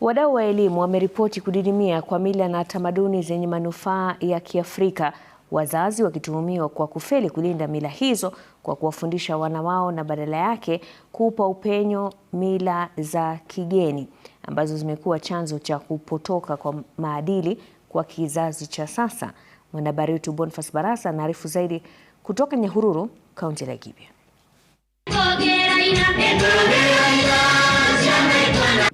Wadau wa elimu wameripoti kudidimia kwa mila na tamaduni zenye manufaa ya Kiafrika, wazazi wakituhumiwa kwa kufeli kulinda mila hizo kwa kuwafundisha wana wao na badala yake kuupa upenyo mila za kigeni ambazo zimekuwa chanzo cha kupotoka kwa maadili kwa kizazi cha sasa. Mwanahabari wetu Boniface Barasa anaarifu zaidi kutoka Nyahururu, kaunti ya Laikipia.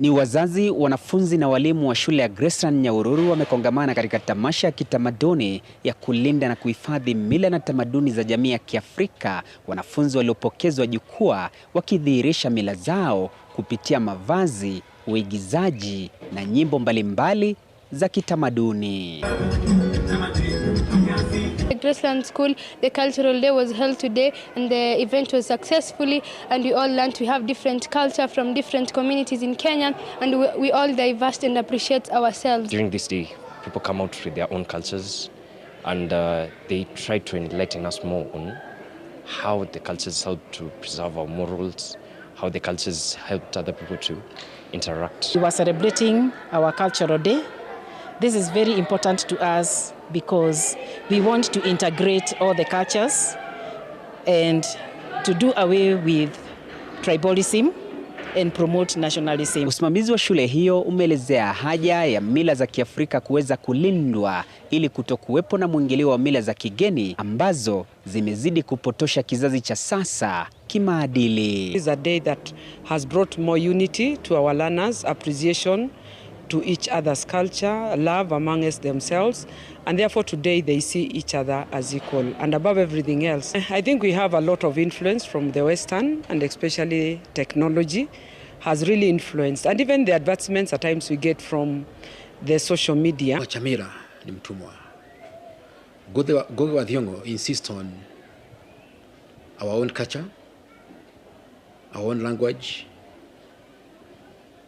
Ni wazazi, wanafunzi na walimu wa shule ya Graceland Nyahururu wamekongamana katika tamasha ya kitamaduni ya kulinda na kuhifadhi mila na tamaduni za jamii ya Kiafrika, wanafunzi waliopokezwa jukwaa wakidhihirisha mila zao kupitia mavazi, uigizaji na nyimbo mbalimbali za kitamaduni. The Graceland School, the cultural day was held today and the event was successfully and we all learned we have different culture from different communities in Kenya and we, we all diverse and appreciate ourselves. During this day, people come out with their own cultures and uh, they try to enlighten us more on how the cultures help to preserve our morals, how the cultures helped other people to interact. We were celebrating our cultural day. This is very important to us because we want to integrate all the cultures and to do away with tribalism and promote nationalism. Usimamizi wa shule hiyo umeelezea haja ya mila za Kiafrika kuweza kulindwa ili kutokuwepo na mwingilio wa mila za kigeni ambazo zimezidi kupotosha kizazi cha sasa kimaadili. This is a day that has brought more unity to our learners, appreciation to each other's culture, love amongst themselves, and therefore today they see each other as equal. And above everything else, I think we have a lot of influence from the Western and especially technology has really influenced, and even the advertisements at times we get from the social media. Chamira ni mtumwa. Ngugi wa Thiong'o insists on our own culture, our own language,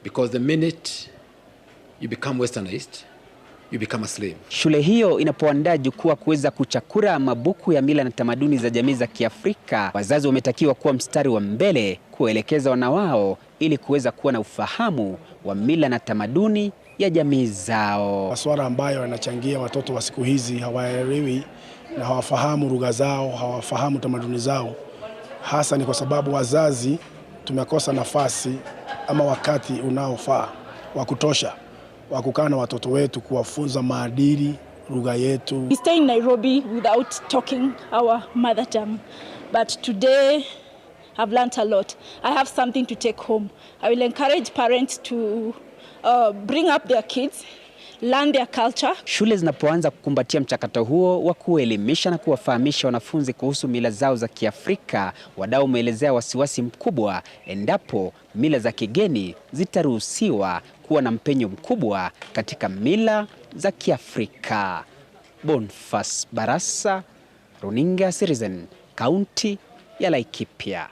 because the minute you become westernized, you become a slave. Shule hiyo inapoandaa jukwaa kuweza kuchakura mabuku ya mila na tamaduni za jamii za Kiafrika, wazazi wametakiwa kuwa mstari wa mbele kuwaelekeza wana wao ili kuweza kuwa na ufahamu wa mila na tamaduni ya jamii zao. Masuala ambayo yanachangia watoto wa siku hizi hawaelewi na hawafahamu lugha zao, hawafahamu tamaduni zao, hasa ni kwa sababu wazazi tumekosa nafasi ama wakati unaofaa wa kutosha wa kukaa na watoto wetu, kuwafunza maadili lugha yetu. We stay in Nairobi without talking our mother tongue. But today I've learnt a lot. I have something to take home. I will encourage parents to uh, bring up their kids learn their culture. Shule zinapoanza kukumbatia mchakato huo wa kuelimisha na kuwafahamisha wanafunzi kuhusu mila zao za Kiafrika, wadau umeelezea wasiwasi mkubwa endapo mila za kigeni zitaruhusiwa kuwa na mpenyo mkubwa katika mila za Kiafrika. Bonfas Barasa, Runinga Citizen, kaunti ya Laikipia.